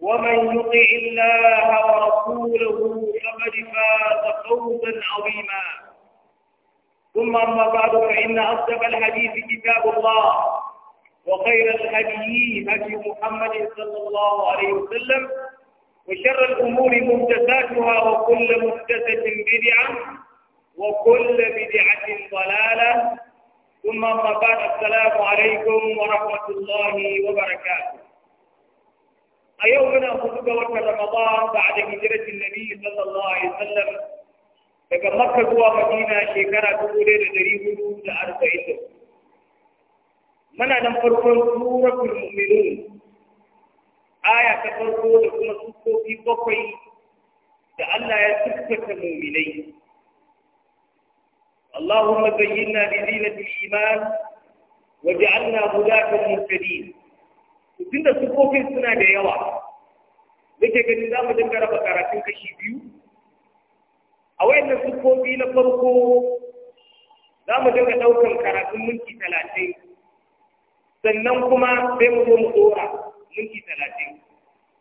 ومن يطع الله ورسوله فقد فاز فوزا عظيما ثم أما بعد فإن أصدق الحديث كتاب الله وخير الهدي هدي محمد صلى الله عليه وسلم وشر الأمور محدثاتها وكل محدثة بدعة وكل بدعة ضلالة ثم أما بعد السلام عليكم ورحمة الله وبركاته a yau muna hudu ga watan Ramadan ba da hijiratin Nabi sallallahu alaihi wasallam daga Makka zuwa Madina shekara dubu ɗaya da ɗari hudu da arba'in da Muna nan farkon suratul mu'minun aya ta farko da kuma sukofi bakwai da Allah ya siffata mu'minai. اللهم زينا بزينة الإيمان وجعلنا هداة مهتدين tun da sufofin suna da yawa nake gani za mu dinga raba karatun kashi biyu a wayannan sufofi na farko za mu dinga ɗaukan karatun minti talatin sannan kuma sai mu zo mu ɗora minti talatin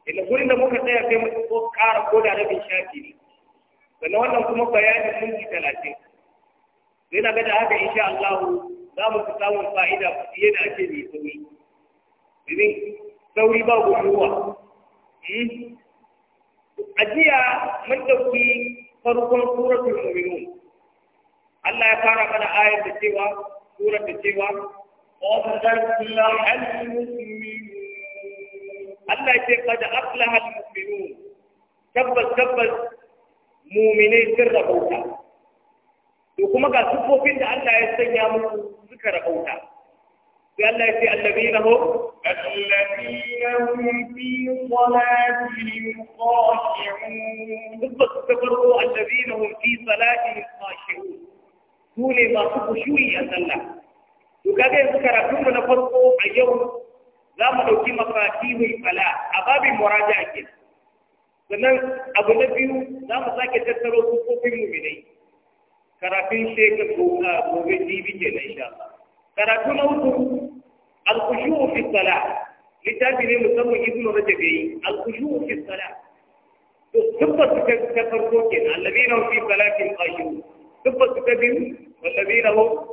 inda gurin da muka tsaya sai mu ko ƙara ko da rabin shafi ne sannan wannan kuma bayanin minti talatin sai na gada haka insha Allah za mu fi samun fa'ida fiye da ake mai sauri domin sauri ba wa? Hmm? a jiya mun ɗauki farkon suratul mu'minun Allah ya fara mana ayar da cewa surar da cewa Allah ya ce kada aflaha al-mu'minun tabbas tabbas mu'minai sun rabauta to kuma ga sufofin da Allah ya sanya musu suka rabauta sai Allah ya ce allazina hum الذين هم في صلاتهم خاشعون بالضبط تبروا الذين هم في صلاتهم خاشعون سوني ما تخشوي أسلا وكذا يذكركم من فرقه اليوم za mu ɗauki mafatihul fala a babin muraja ke sannan abu na biyu za mu sake tattaro sufofin muminai karatun shekar gobe jibi ke na insha karatu na uku الخشوع في الصلاة لي مسمى ابن رجبي الخشوع في الصلاة ثم تفرقوكين الذين هم في صلاة قيوم ثم تبين والذين هم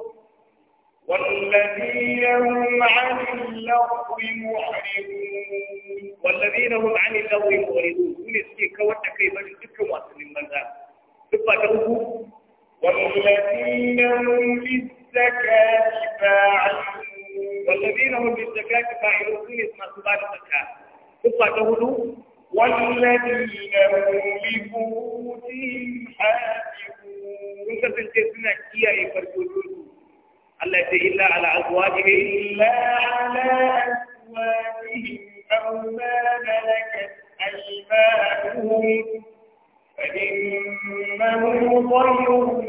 والذين هم عن اللغو معرضون والذين هم عن اللغو معرضون من الشيء كوتا كيف من واصل ثم ثبت والذين هم للزكاة فاعلون والذين هم بالزكاة فاعلون اسمع سبحان الزكاة قصة تقول والذين هم لفوتهم حافظون انت سنتسنا كيا يفرجون التي إلا على أزواجه إلا على أزواجهم أو ما ملكت أيمانهم فإنه خير لهم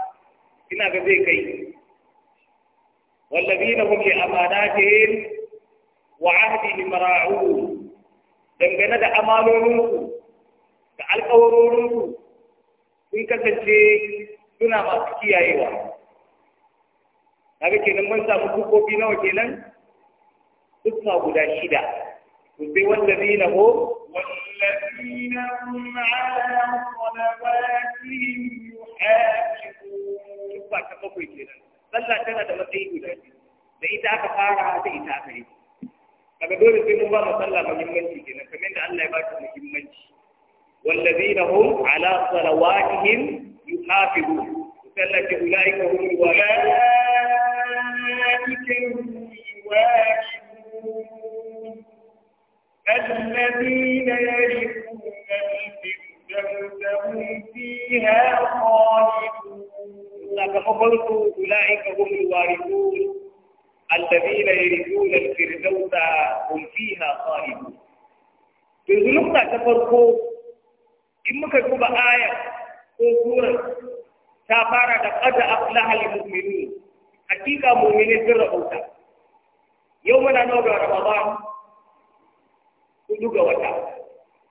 ina ga zai kai wallazina hum li amanatihim wa ahdihim ra'un dangane da amalolinku da alƙawarorinku sun kasance suna masu kiyayewa kaga kenan mun samu kukofi nawa kenan dukka guda shida sai wallazina hum wallazina hum ala salawatihim yuhafizun ba ta bakwai kenan sallah tana da matsayi guda da ita aka fara da ita aka yi kaga dole sai mun ba mu sallah muhimmanci kenan kamar yadda Allah ya ba ta muhimmanci wallazina hum ala salawatihim yuhafizun sallati ulaika hum walaikum الذين يرثون الفردوس هم فيها خالدون sakamakon su ula'ika humul warithun alladhina yarithuna al-firdausa hum fiha khalidun to zulumta ta farko in muka duba aya ko sura ta fara da qad aflaha al-mu'minun hakika mu'mini sun rabuta yau muna nawa ga ramadan hudu ga wata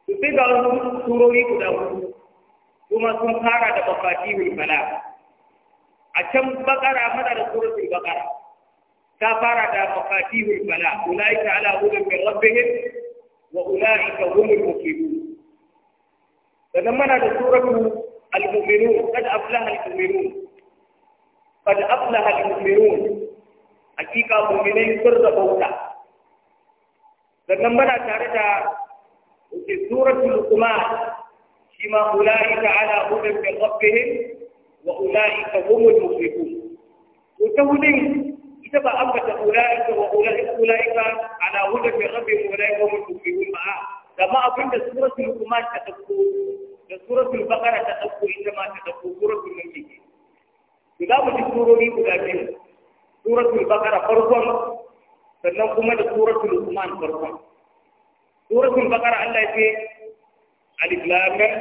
to sai ga wasu surori guda hudu kuma sun fara da mafatihul bala a can bakara mana da suratul bakara ta fara da mafatihul bala ta ala hudan min rabbihim wa ulaika humul muflihun sannan mana da suratul al-mu'minun qad aflaha al-mu'minun qad aflaha al-mu'minun hakika mu'minai sun rabauta sannan mana tare da suratul kuma shi ma ta ala hudan min rabbihim wa ulaika humul muflihun to ta wurin ita ba ambata ulaika wa ulaika ala hudan min rabbihim ulaika humul muflihun ma'a kama abinda suratul luqman ta dauko da suratul baqara ta dauko ita ma ta dauko suratul mulk to za mu ji surori guda biyu suratul baqara farkon sannan kuma da suratul luqman farkon suratul baqara Allah ya ce alif lam mim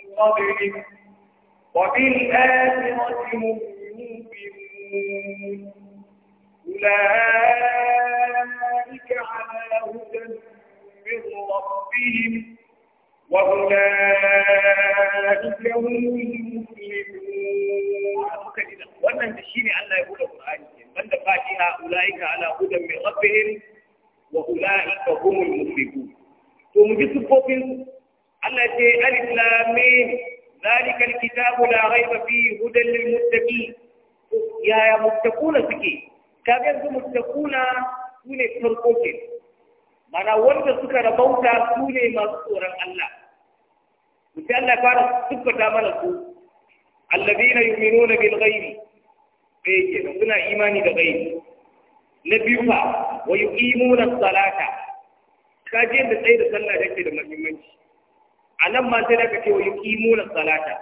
قبله وبالآخرة هم يوقنون أولئك على هدى من ربهم وأولئك هم المفلحون wannan da shine Allah ya bude Qur'ani banda fatiha ulaika ala hudan min rabbihim wa ulaika humul muflihun to mu ji sufofin Allah ce alif lam mim zalika alkitabu la raiba fihi hudan lil muttaqin ya ya muttaquna suke kaga yanzu muttaquna sune farko ke mana wanda suka rabauta sune masu tsoron Allah mutum Allah fara tabbata mana su alladhina yu'minuna bil ghaibi bai eh, ke suna imani da ghaibi na biyu wa yuqimuna as-salata kaje da tsaye da sallah da ke da muhimmanci a nan ma sai ce wa yi kimuna salata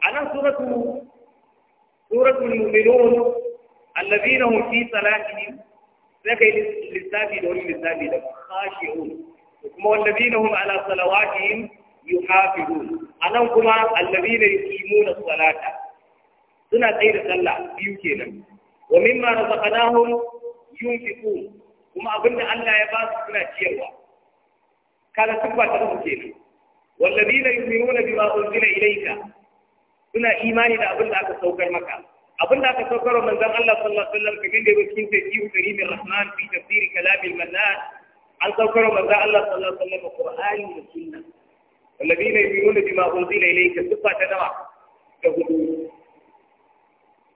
a nan suratu suratul mu'minun na hum fi salatihim sai kai lissafi da wani lissafi da khashi'un kuma na hum ala salawatihim yuhafizun anan kuma allazina yuqimuna salata suna tsaye da sallah biyu kenan wa mimma razaqnahum yunfiqun kuma abinda Allah ya ba su suna ciyarwa Kada tukwa ta uku kenan والذين يؤمنون بما أنزل إليك سنا إيمان إذا أبن ذاك سوكر مكا أبن ذاك سوكر ومن ذا الله صلى الله عليه وسلم كمين دي وشكين تجيه كريم الرحمن في تفسير كلام المنات عن سوكر ومن ذا الله صلى الله عليه وسلم قرآن وسنة والذين يؤمنون بما أنزل إليك سفا تدوى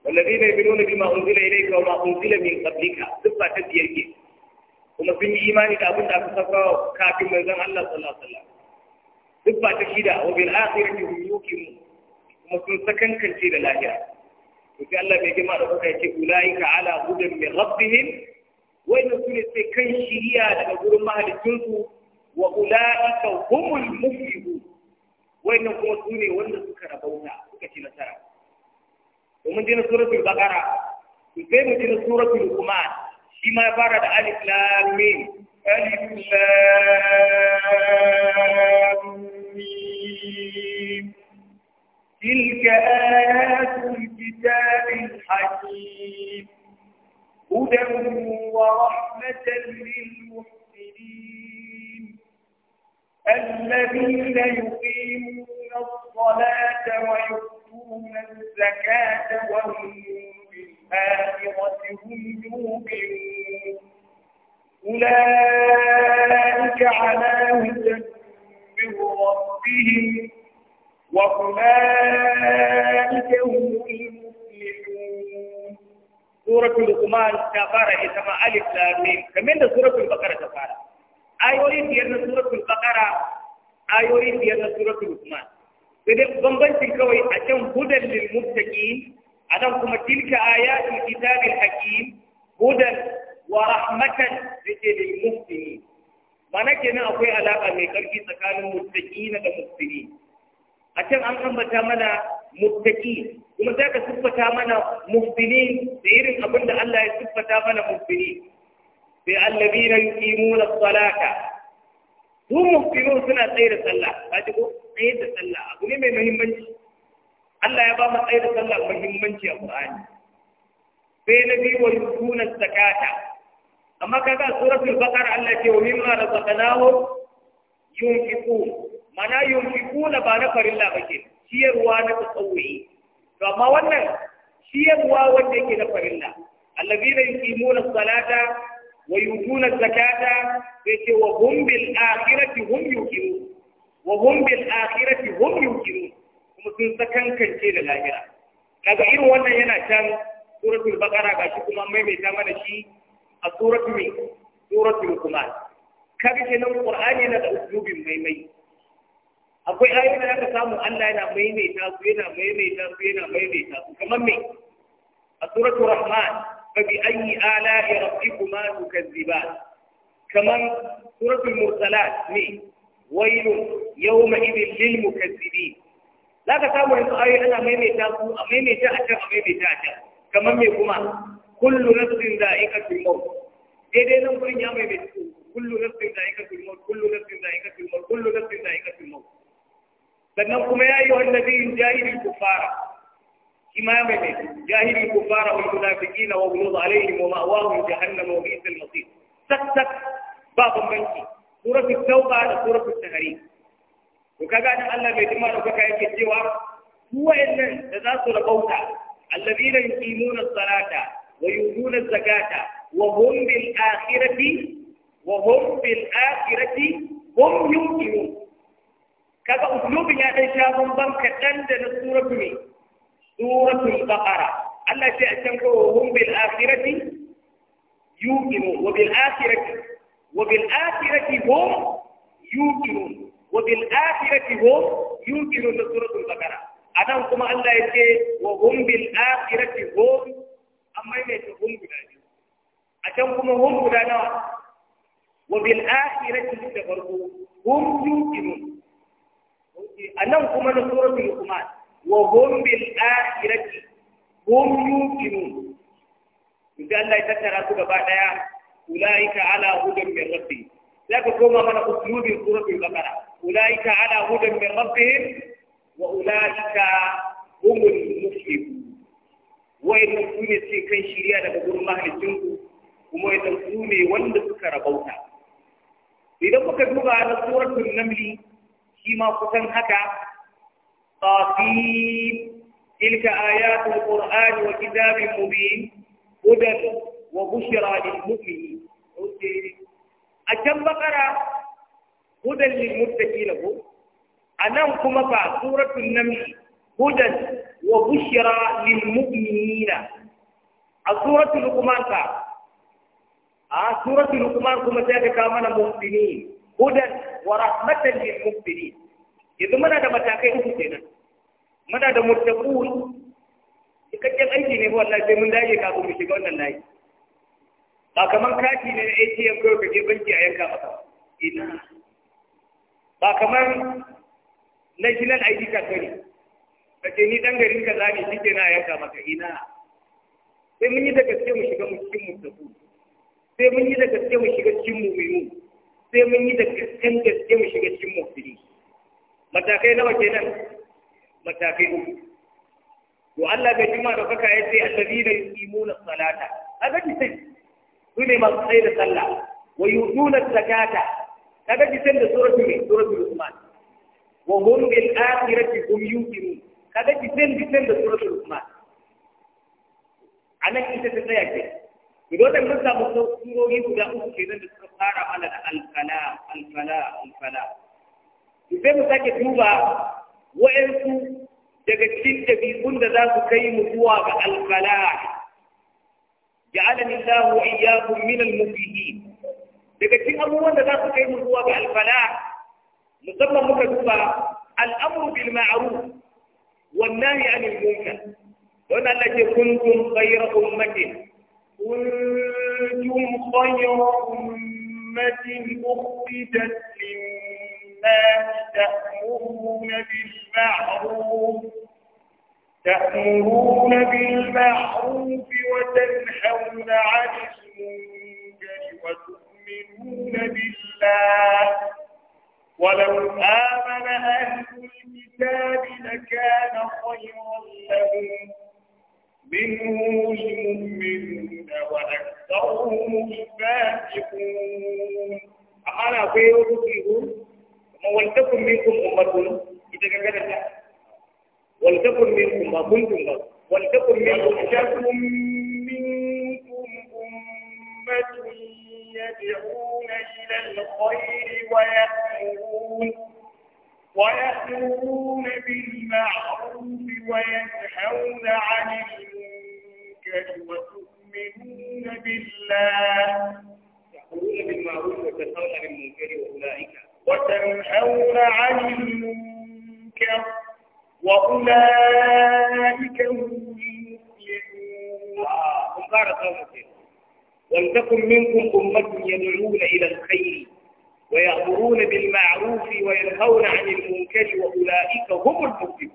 والذين يؤمنون بما أنزل إليك وما أنزل من قبلك سفا تدوى ومن ذا إيمان إذا أبن ذاك سوكر كافر من ذا الله صلى الله عليه وسلم duk ba ta shida wa bil akhirati hum yuqinun kuma sun sakankance da lahira to sai Allah bai gama da kuka yace ulaika ala hudan min rabbihim in sune sai kan shiriya daga gurin mahalikin su wa ulaika humul muflihun in kuma sune wanda suka rabauta suka ci nasara domin jina suratul baqara sai mu jina suratul qumar shi ma ya fara da alif lam mim تلك آيات الكتاب الحكيم هدى ورحمة للمحسنين الذين يقيمون الصلاة ويؤتون الزكاة وهم بالآخرة هم يوقنون أولئك على هدى من ربهم وأولئك هم سورة لقمان تفارة إسماء ألف لامين كمين ده سورة البقرة تفارة آيوري ديالنا سورة البقرة آيوري ديالنا سورة لقمان sai bambancin تلكوي a هدى hudan lil muttaqin تلك آيات الكتاب الحكيم هدى wa rahmatan yake lil muhsinin mana kenan akwai alaka mai karfi tsakanin muttaqina da muhsini a can an ambata mana muttaqi kuma sai ka siffata mana muhsinin da irin Allah ya siffata mana muhsini sai allazina yuqimuna as-salata su muhsinun suna da sallah ko da sallah abu ne mai muhimmanci Allah ya ba mu tsaye da sallah muhimmanci a Qur'ani sai na biyu wa yutuna zakata amma kaga suratul baqara Allah ce wa na razaqnahum yunfiqun mana na ba na farilla bake ciyarwa na tsawuyi to amma wannan ciyarwa wanda yake na farilla allazina yuqimuna salata wa yutuna zakata sai ce wa hum bil akhirati hum yuqinun wa hum bil akhirati hum yuqinun kuma sun sakankance da lahira kaga irin wannan yana can suratul baqara gashi kuma maimaita mana shi a suratu mai suratu lukuman kaga kenan qur'ani na da uslubin maimai akwai ayoyi da aka samu Allah yana maimaita su yana maimaita su yana maimaita su kamar me a suratu rahman ba bi ya kuma su rabbikuma tukazziban kamar suratul mursalat ne wailun yawma idin lil mukazzibin zaka samu yanzu ayoyi ana maimaita su a maimaita a can a maimaita a can kamar me kuma kullu nafsin da'iqatul maut daidai nan gurin ya mai mai kullu nafsin da'iqatul maut kullu nafsin sannan kuma ya yi wallazi jahilul kufara shi ma ya mai mai jahilul kufara wal munafiqina wa ghuluz alaihim wa ma'awahum jahannam wa bi'sal masir tak tak ba bambanci suratul tauba da suratul tahrim to kaga nan Allah bai jima da kaka cewa su wayannan da za su rabauta allazina yuqimuna salata ويؤتون الزكاة وهم بالآخرة وهم بالآخرة هم يوقنون kaga uslubin ya dai sha bamban kaɗan da na suratu ne suratul baqara Allah ce a can ko hum bil akhirati yuqinu wa bil akhirati wa bil akhirati hum yuqinu wa bil akhirati da suratul anan kuma Allah ya ce wa an maimaita hun guda biyu a can kuma hun guda nawa wa bil akhirati da farko hum yuqinun anan kuma na suratul qumar wa hum bil akhirati hum yuqinun inda Allah ya tattara su gaba daya ulaika ala hudan min rabbihim ka koma mana uslubin suratul baqara ulaika ala hudan min rabbihim wa ulaika humul muflihun wa'annan su ne suke kan shirya daga gurin mahalicinku kuma wa'annan su ne wanda suka rabauta idan muka duba na suratul namli shi ma kusan haka tafin تلك آيات القرآن وكتاب مبين هدى وبشرى للمؤمنين أجل بقرة هدى للمتقين kuma fa سورة النمل هدى وبشر للمؤمنين سورة لقمان سورة لقمان كما تاك كامل مؤمنين هدى ورحمة للمؤمنين إذا منا دا متاكي أكتنا منا دا متقون cikakken aiki ne wallahi sai mun dage kafin mu shiga wannan layi ba kaman kati ne na ATM kawai ka banki a yanka maka ina ba kaman national ID card bane kace ni dan garin kaza ne shi ke na yanka maka ina sai mun yi da gaske mu shiga cikin mu tafu sai mun yi da gaske mu shiga cikin mu mu sai mun yi da gaske mu shiga cikin mu fili matakai nawa kenan matakai uku to Allah bai jima da kaka yace alladina yuqimuna salata kaga sai su ne masu tsaye da sallah wa yutuna zakata kaga sai da suratul suratul usman wa hum bil akhirati hum yuqimuna kaga disen disen da suratul Luqman anan ita ta tsaya ke idan da mun samu surori guda uku kenan da suka fara mana da alfala alfala alfala sai mu sake duba wa'ansu daga cikin dabi'un da za su kai mu zuwa ga alfala ja'alani Allahu iyyakum min al-muflihin daga cikin abubuwan da za su kai mu zuwa ga alfala musamman muka duba al'amru bil ma'ruf والنهي عن المنكر وما الذي كنتم خير أمة كنتم خير أمة أخرجت للناس تأمرون بالمعروف تأمرون بالمعروف وتنحون عن المنكر وتؤمنون بالله ولو آمن أهل الكتاب لكان خيرا لهم منه المؤمنون وأكثرهم الفاسقون أنا خير فيهم ولتكن منكم أمة إذا كان ولتكن منكم ما كنتم ولتكن منكم ولتكن منكم أمة يدعون إلى الخير ويأمرون ويأمرون بالمعروف وينهون عن المنكر وتؤمنون بالله يأمرون بالمعروف وينهون عن المنكر وأولئك وتنهون عن المنكر وأولئك هم المفلحون. آه، ولتكن منكم أمة يدعون إلى الخير ويأمرون بالمعروف وينهون عن المنكر وأولئك هم المفلحون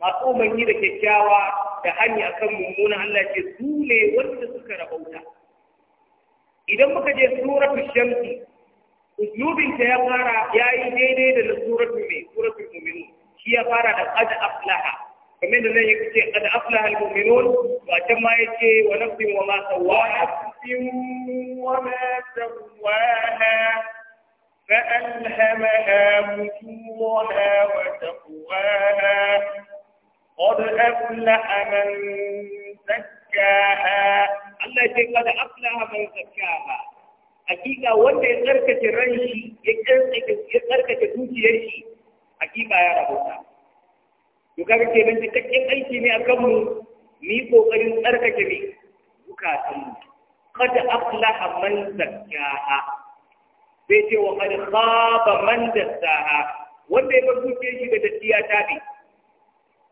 ما قوم yi da kyakkyawa da hanya akan mummuna Allah ce su ne wanda suka rabauta idan muka je suratul shamsi uslubin ta ya fara yayi daidai da suratul mai suratul mu'minun shi ya fara da qad aflaha kamar da nan yake can ma wa ma وما سواها فألهمها فجورها وتقواها قد أفلح من زكاها التي قد أفلح من زكاها hakika wanda ya tsarkake ran shi ya tsarkake dukiyar shi hakika ya rahota to kaga ke nan cikakken aiki ne a mu mu yi tsarkake ne mu قد أفلح من زكاها بيتي وقد خاب من دساها وانده يبقوا بيجي بدتيا تابي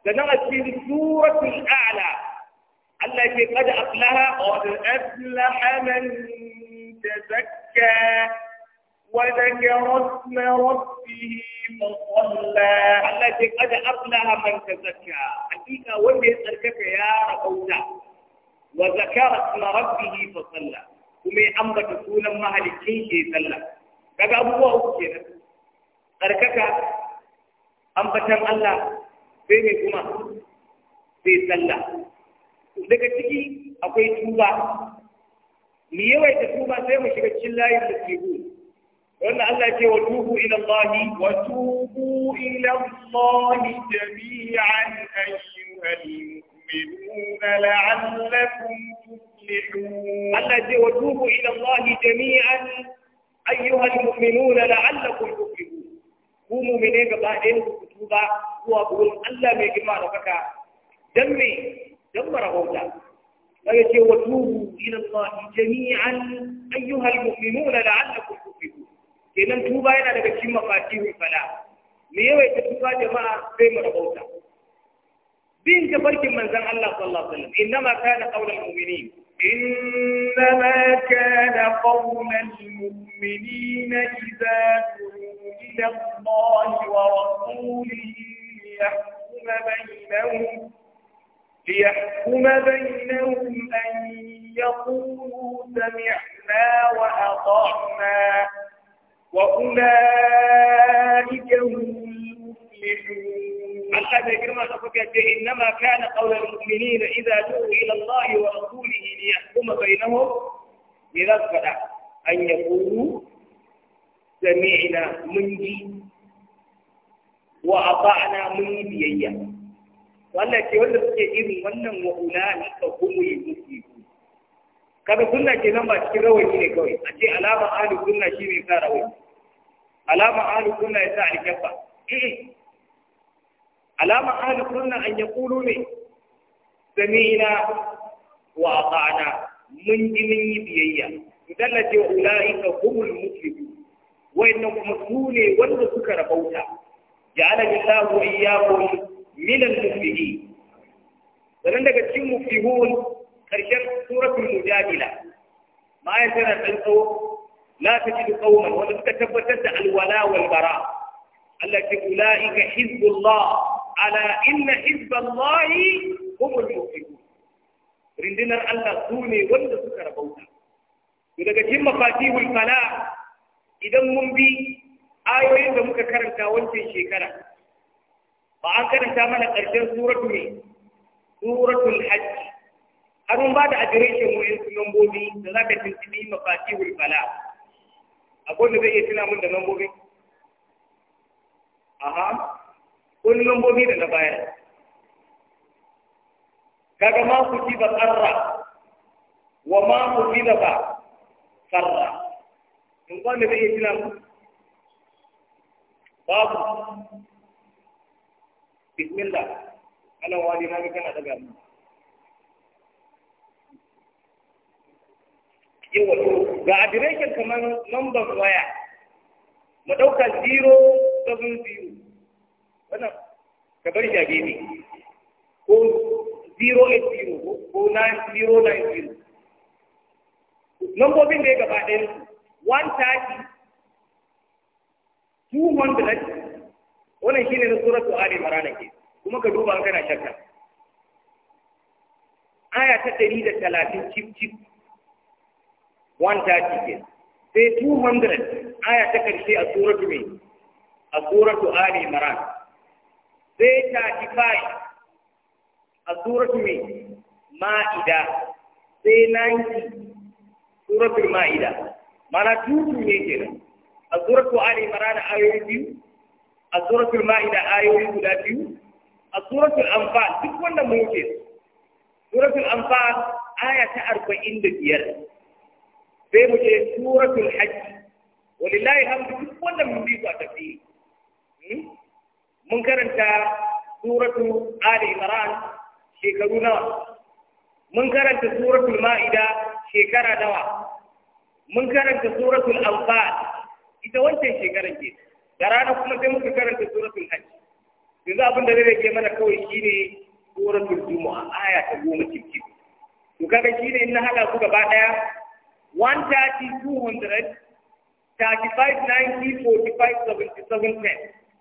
لنرى في سورة الأعلى التي قد أقلها قد أفلح من تزكى وذكر اسم ربه مصلى التي قد أقلها من تزكى حقيقة وانده يسألك يا رب wa zakara isma rabbih fa salla kuma ya ambata sunan mahalicin shi salla kaga abubuwa uku kenan tsarkaka ambatan Allah sai mai kuma sai salla daga ciki akwai tuba mu yawaita tuba sai mu shiga cikin layin da ke wannan Allah ce wa tubu ila Allah wa تؤمنون لعلكم تفلحون الذي وتوبوا إلى الله جميعا أيها المؤمنون لعلكم تفلحون قوموا من إيه بعدين كتوبة هو أقول ألا ما يجمع ربك دمي دم رهوتا فيتي وتوبوا إلى الله جميعا أيها المؤمنون لعلكم تفلحون kenan tuba yana daga cikin mafatihul fala me yawaita tuba jama'a sai mu rahota من زن الله صلى الله عليه وسلم إنما كان قول المؤمنين إنما كان قول المؤمنين إذا كنوا إلى الله ورسوله ليحكم بينهم ليحكم بينهم أن يقولوا سمعنا وأطعنا وأولئك هم Allah ya girma ta fuka ce innama kana qawlul mu'minina idza du'u ila Allah wa rasulihi li yahkuma bainahum bi rafada an yaqulu mun ji wa mun yi biyayya wannan ce wanda suke irin wannan wa ulaika humul muflihun kada sunna ke nan ba cikin rawani ne kawai a ce alama ahli sunna ne sa rawani alama ahli sunna ya sa alkabba alama ahli sunna an yaqulu ne sami'na wa ata'na mun ji mun yi biyayya dalla ce ulaika humul muflihun wayannan kuma su ne wanda suka rabauta ja'ala Allahu iyyakum min al-muflihin sannan daga cikin muflihun karshen suratul mujadila ma ya tana dan tsawo la tajidu qauman wanda suka tabbatar da alwala wal bara Allah ce ulaika hizbullah ala inna hizballahi humul muflihun rindinar Allah su wanda suka rabauta daga cikin mafatihul fala idan mun bi ayoyin da muka karanta wancan shekara ba karanta mana ƙarshen suratu ne suratul hajj har mun ba da adireshin wayan su nambobi da za tuntubi mafatihul fala akwai zai iya tuna min da nambobi aha kun lambobi da baya bayar kaga ma ku ci ba tsarra wa ma ku ci da ba tsarra in kwanne zai iya jina mu babu bismillah Allah wani na ga kana daga mu yawa to ga adireshin kamar lambar waya mu ɗauka 070 wannan ka shage ne ko 080 ko 9090 lambobin da ya gaba ɗaya su 130 200 wannan shi ne na suratu ali imran ke kuma ka duba kana shakka aya ta ɗari da talatin cip cip 130 ke sai 200 aya ta ƙarshe a suratu mai a suratu ali imran sai tatifai a suratu mai ma'ida sai nanki suratul ma'ida mana tutu ne kenan a suratu ali marana ayoyi biyu a suratul ma'ida ayoyi guda biyu a suratul amfa duk wanda mun ke suratul anfal aya ta arba'in da biyar sai mu ce hajji, hajj walillahi hamdu duk wanda mu bi ku a tafsiri hmm? mun karanta suratu ali imran shekaru nawa mun karanta suratul ma'ida shekara nawa mun karanta suratul anfal ita wancan shekaran ke da rana kuma sai muka karanta suratul hajj yanzu abin da zai ke mana kawai shine suratul jumu'a aya ta goma cikin to kaga shine in na hada ku gaba daya 130 200 35 90 45 77 10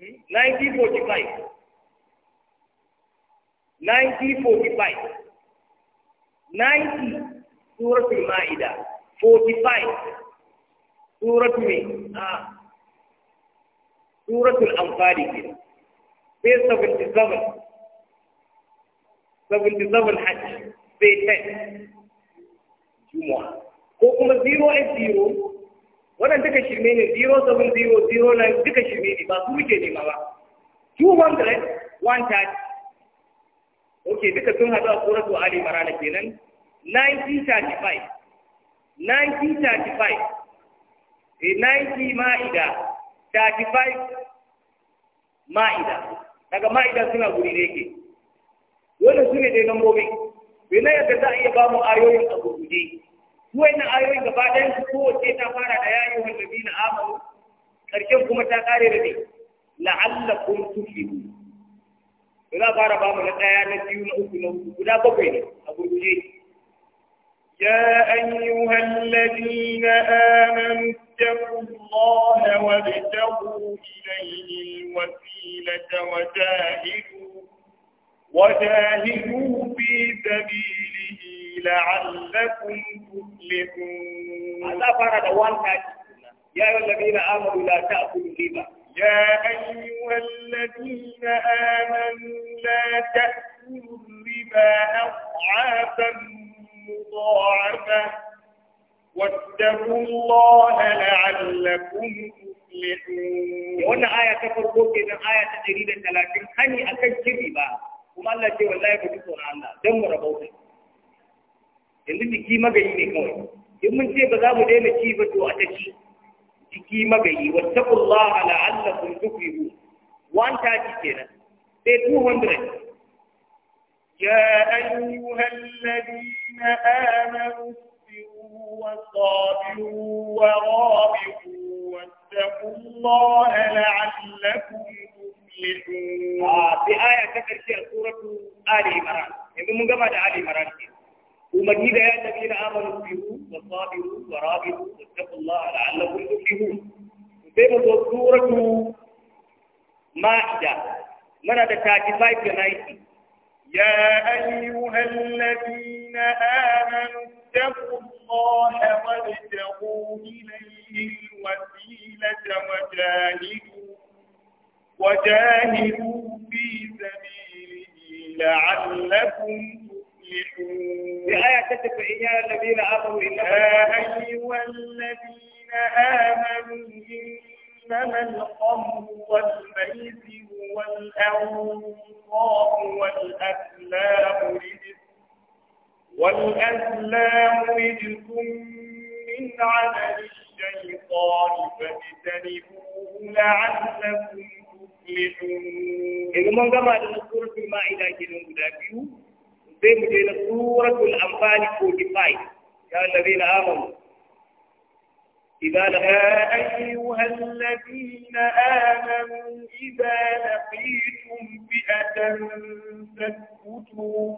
1945. 1945. 90, Surah Al-Ma'idah. 45, Surah uh, Surah Al-Anfal kenan. Sai 77. 77 Hajj. Sai 10. Juma'a. Ko kuma 0 and 0 wannan duka shirme ne 07009 duka shirme ne ba su muke nema ba 200 130 ok duka sun haɗu a suratu ali marana ke nan 1935 eh 90 ma'ida 35 ma'ida daga ma'ida suna guri ne yake wadda su ne dai nan gobe bai na yadda za a iya ba mu ariyoyin a gurguje wannan ayoyin gaba ɗayan su kowace ta fara da yayi wanda bi na amanu karshen kuma ta kare da ne la'allakum tuflihu to za fara ba mu na ɗaya na biyu na uku na uku guda bakwai ne a gurguje يا أيها الذين آمنوا اتقوا الله وابتغوا إليه الوسيلة وجاهدوا وجاهدوا في سبيله لعلكم تفلحون هذا فرد وان يا أيها الذين آمنوا لا تأكلوا الربا يا أيها الذين آمنوا لا تأكلوا الربا أضعافا مضاعفة واتقوا الله لعلكم تفلحون وأن آية تفرقوا كذا آية تجريدة ثلاثين هني أكل كذبا وما Allah ce wallahi ba ji tsoron yanzu jiki magayi ne kawai in mun ce ba za mu daina ci ba to a ta ci jiki magayi wattaqullaha la'allakum tuflihun wan ta ci kenan sai 200 يا أيها الذين آمنوا اصبروا وصابروا ورابطوا واتقوا الله لعلكم تفلحون. في آية تكرر سورة آل عمران. يقول من قبل آل عمران كيف؟ ومجيد يا الذين آمنوا اصبروا وصابروا ورابطوا واتقوا الله لعلكم تفلحون وسيما سورة مائدة من هذا 35 90 يا أيها الذين آمنوا اتقوا الله وابتغوا إليه الوسيلة وجاهدوا وجاهدوا في سبيله لعلكم يا آية الذين آمنوا أيها الذين آمنوا إنما والأسلام رجس من عمل الشيطان فاجتنبوه لعلكم تفلحون. إذا من قرأ في المائدة كده بين بين سورة الأنفال suratul يا الذين آمنوا إذا يا أيها الذين آمنوا إذا لقيتم فئة فاثبتوا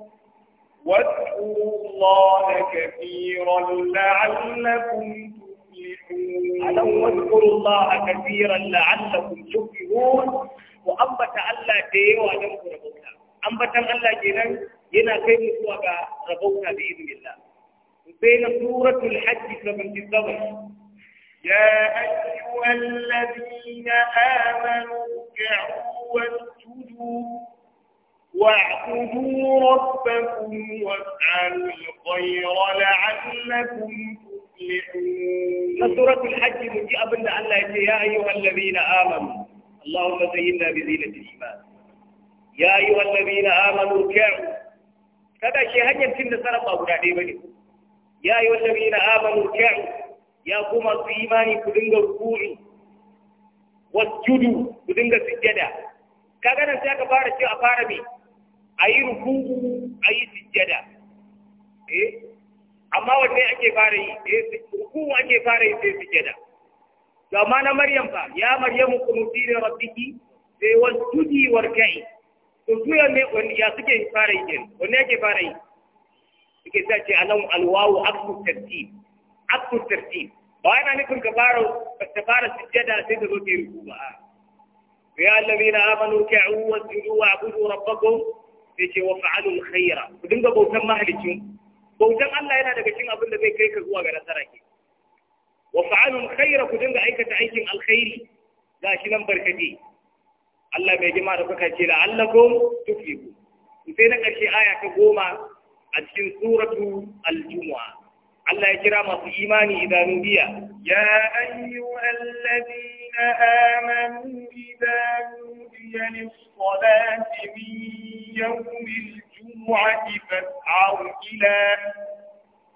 واذكروا الله كثيرا لعلكم تفلحون ألم واذكروا الله كثيرا لعلكم تفلحون وأنبت الله ديوة نمكن أنبت الله جنان ينا كي نسوى با ga بإذن الله idnillah سورة الحج كما hajj يا أيها الذين آمنوا اركعوا واسجدوا واعبدوا ربكم وافعلوا الخير لعلكم تفلحون سورة الحج مجيء أبن الله يا أيها الذين آمنوا اللهم زينا بزينة الإيمان يا أيها الذين آمنوا اركعوا kada shi hanyar cin nasara ba guda ɗaya bane ya yi wata na amanu kyau ya kuma su imani ku dinga wasu wasjudu ku dinga sujjada kaga nan sai aka fara ce a fara me a yi rukuku a yi sujjada eh amma wanne ake fara yi eh rukuku ake fara yi sai sujjada to amma na maryam fa ya maryamu kunuti li rabbiki sai wasjudi warka'i to suya me wani ya suke fara yi din wani yake fara yi suke sa ce anan alwawu aksu tartib aksu tartib ba yana nufin ka fara ka fara sujjada sai da zo ka ruku ba ya allazina amanu ka'u wa abudu rabbakum sai ce wa fa'alu khaira ku dinga bautan mahalicin bautan Allah yana daga cikin abin da zai kai ka zuwa ga nasara ke wa fa'alu khaira ku dinga aikata aikin alkhairi gashi nan barkate Allah mai gima da kuka ce la'allakum tuflihu sai na karshe aya ta goma a cikin suratu al Allah ya kira masu imani idanun biya ya ayyuhal ladina amanu idanu للصلاة من يوم الجمعة فاسعوا إلى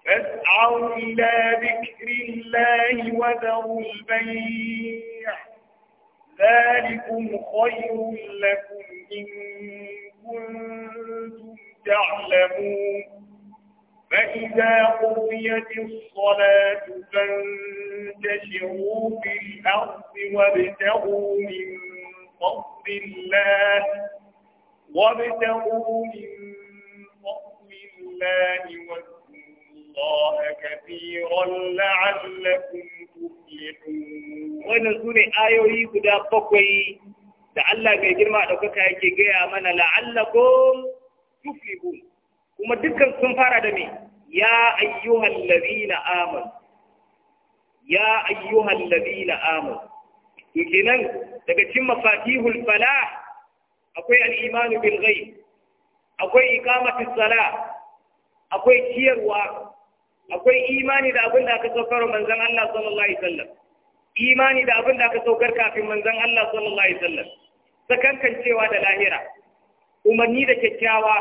فاسعوا إلى ذكر الله وذروا البيع ذلكم خير لكم إن كنتم تعلمون فإذا قضيت الصلاة فانتشروا في الأرض وابتغوا من فضل الله وابتغوا من فضل الله واذكروا الله كثيرا لعلكم wannan su ne ayoyi guda bakwai da Allah mai girma ɗaukaka yake gaya mana la'allakum tuflihun kuma dukkan sun fara da me ya ayyuhal ladina amanu ya ayyuhal ladina amanu to kenan daga cikin mafatihul Fala akwai al bin bil akwai iqamatis tsala. akwai ciyarwa akwai imani da abin da aka saukar manzan Allah sallallahu alaihi wasallam imani da abin da aka saukar kafin manzan Allah sallallahu alaihi wasallam sakankancewa da lahira umarni da kyakkyawa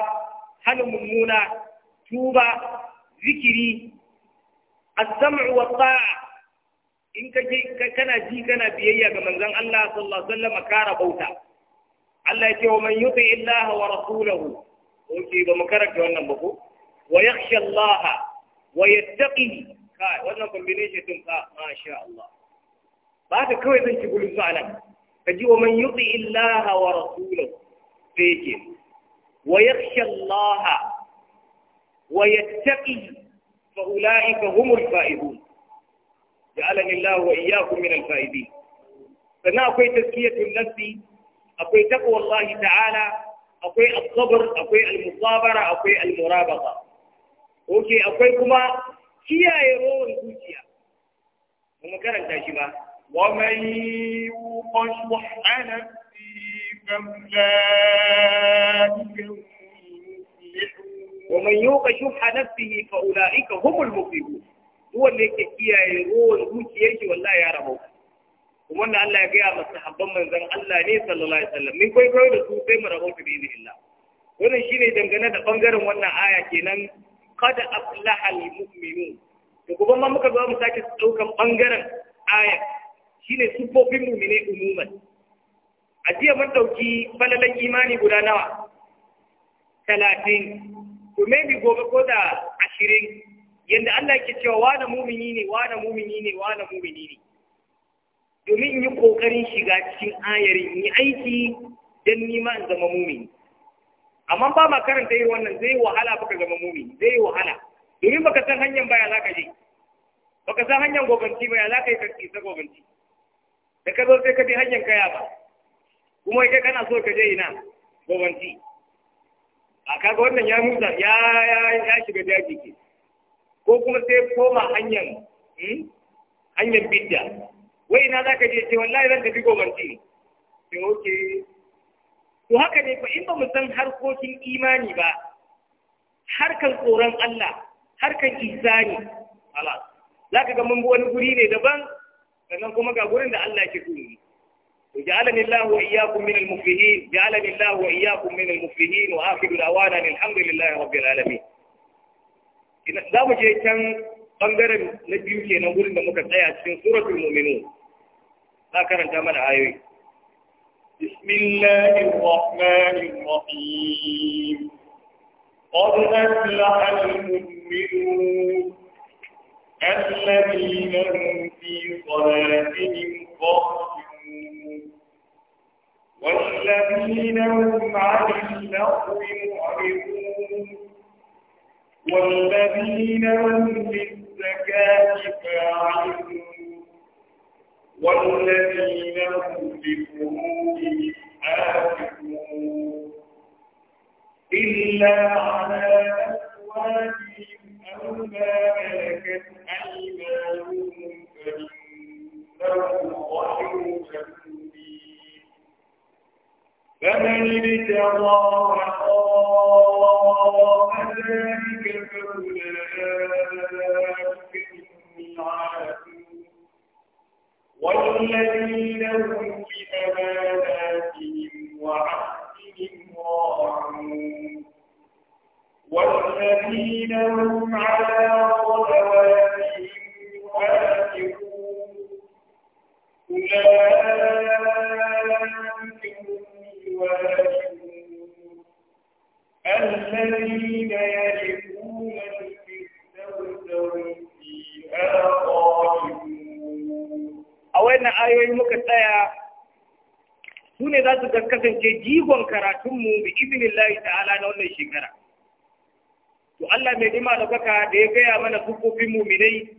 hana mummuna tuba zikiri as-sam'u wa ta'a in ka kana ji kana biyayya ga manzan Allah sallallahu alaihi wasallam kara bauta Allah ya ce wa man yuti illaha wa rasulahu okay ba mu karanta wannan ba ko wa yakhsha Allah wa yattaqihi kai wannan combination din ka masha Allah ba ka kawai zan ki gulun su anan ka ji wa man yuti illaha wa rasulahu da yake wa yakhsha Allah wa yattaqi fa ulaika humul faizun ja'alani Allah wa iyyakum min al-faizin sannan akwai tazkiyatun nafsi akwai taqwa Allah ta'ala akwai as-sabr akwai al-musabara akwai al-murabaqa oke akwai kuma kiyaye rohon zuciya ba mu karanta shi ba wa mai yi wukon shi wa ana fi gamla wa mai yi wukon shi wa ana fi fa'ula ika humul mafiku wanda yake kiyaye rohon zuciya shi ya rabu kuma wanda Allah ya gaya masa habban manzan Allah ne sallallahu alaihi wasallam min kai kai da su sai mu rabu bi idhnillah wannan ne dangane da ɓangaren wannan aya nan. kada aflaha almu'minun to gobe ma muka zo mu sake daukan bangaren aya shine sufofin mu'mine umuman a jiya mun dauki falalan imani guda nawa talatin to maybe gobe ko da ashirin yadda Allah ke cewa wane mumini ne wane mumini ne wane mumini ne domin yi kokarin shiga cikin ayarin yi aiki don nima zama mumini amma ba ma karanta yi wannan zai wahala baka zama mumi zai wahala domin baka san hanyar baya za ka je baka san hanyar gobanci ba ya za ka yi karfi ta gobanci da ka zo sai ka bi hanyar kaya ba kuma ita kana so ka je ina gobanci a kaga wannan ya musa ya ya shiga daji ke ko kuma sai koma hanyar hmm? hanyar bidda wai ina za ka je ce wallahi zan tafi gobanci ne ce to haka ne fa in ba mu san harkokin imani ba harkan tsoron Allah harkan izani, ala zaka ga mun bi wani guri ne daban sannan kuma ga gurin da Allah ke so ne جعلني الله وإياكم من المفلحين جعلني الله وإياكم من المفلحين وآخر دعوانا الحمد لله رب العالمين za mu je can ɓangaren na biyu kenan gurin da muka tsaya cikin suratul mu'minun za karanta mana ayoyi بسم الله الرحمن الرحيم قد أفلح المؤمنون الذين هم في صلاتهم خاشعون والذين هم عن اللغو معرضون والذين هم للزكاة فاعلون والذين هم بفروجهم حافظون إلا على أزواجهم baka da ya gaya mana sufofin muminai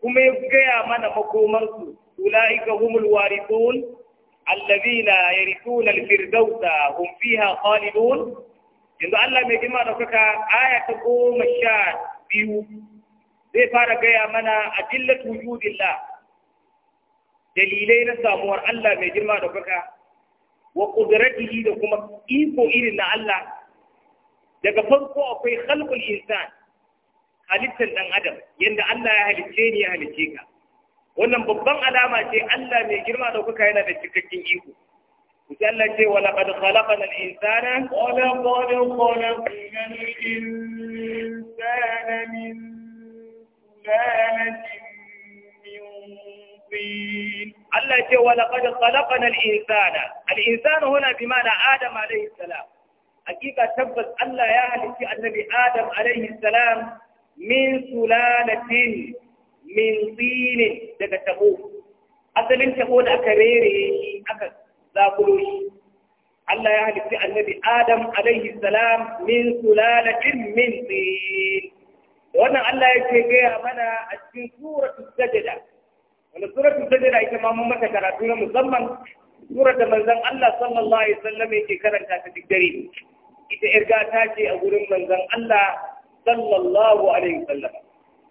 kuma ya gaya mana makomansu ula'ika humul warithun allazina yarithuna al-firdausa hum fiha khalidun yanzu Allah mai girma da aya ta goma sha biyu zai fara gaya mana adillat wujudillah dalilai na samuwar Allah mai girma ɗaukaka wa qudratihi da kuma iko irin na Allah daga farko akwai khalqul insan halittar ɗan adam yadda Allah ya halicce ni ya halicce ka wannan babban alama ce Allah mai girma da kuka yana da cikakken iko sai Allah ce wa laqad khalaqna al-insana wa laqad khalaqna al-insana min sulalatin المبين الله يقول ولقد خلقنا الإنسان الإنسان هنا بمعنى آدم عليه السلام حقيقة تبت الله يا أهلك النبي آدم عليه السلام min sulalatin min tsini daga tabo asalin tabo da aka rere shi aka zakulo shi Allah ya halitta annabi Adam alaihi salam min sulalatin min tsini. wannan Allah ya ce gaya mana a cikin suratul sajda wannan suratul sajda ita ma mun maka karatu na musamman surar da manzon Allah sallallahu alaihi wasallam yake karanta ta duk dare ita irga ta ce a gurin manzon Allah صلى الله عليه وسلم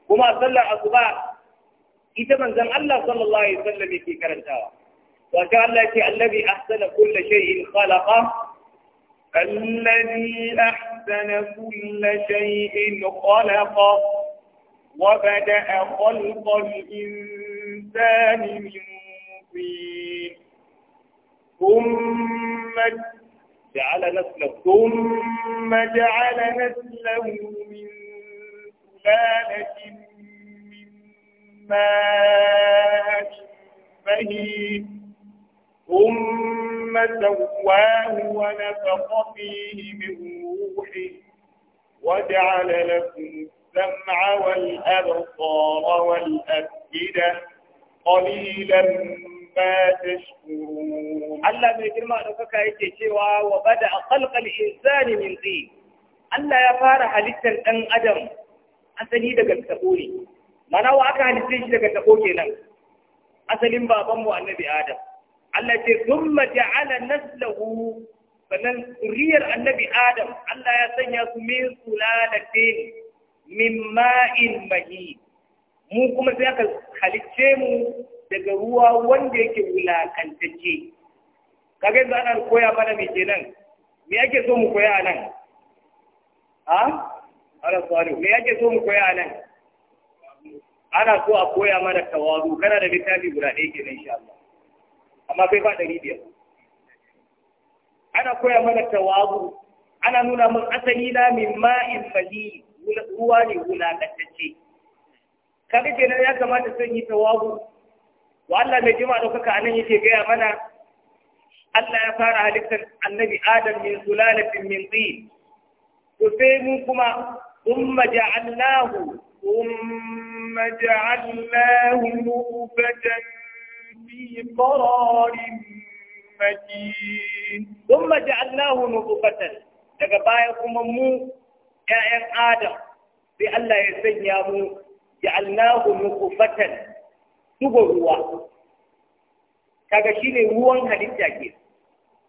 وما صلى عصباء إذا من زم الله صلى الله عليه وسلم في كرنتا وقال لك الذي أحسن كل شيء خلقه الذي أحسن كل شيء خلقه وبدأ خلق الإنسان من طين ثم جعل نسله ثم جعل نسله من سلالة من ماء ثم سواه ونفخ فيه من روحه وجعل لكم السمع والأبصار والأفئدة قليلا mimma Allah mai girma ɗaukaka yake cewa wa bada khalqal insani min ya fara halittar dan adam asali daga tsako mana wa aka halitta shi daga tsako kenan asalin babanmu mu annabi adam Allah ce thumma ja'ala naslahu sannan riyar annabi adam Allah ya sanya su min sulalatin mahi mu kuma sai aka mu daga ruwa wanda yake wulakantacce kage za a koya mana mai kenan me yake so mu koya nan ha ana tsaro me yake so mu koya nan ana so a koya mana tawazu kana da littafi guda ɗaya kenan insha Allah amma kai ba ɗari biyar ana koya mana tawazu ana nuna min asali na min ma'in fali ruwa ne wulakantacce kaga kenan ya kamata san yi tawazu wa Allah mai jima ɗaukaka nan yake gaya mana Allah ya fara halittar annabi Adam min sulalatin min tin to sai mu kuma umma ja'alnahu umma ja'alnahu nutfatan fi qararin makin umma ja'alnahu nutfatan daga baya kuma mu 'ya'yan Adam sai Allah ya sanya mu ja'alnahu nutfatan dugon ruwa kaga shine ruwan halitta ke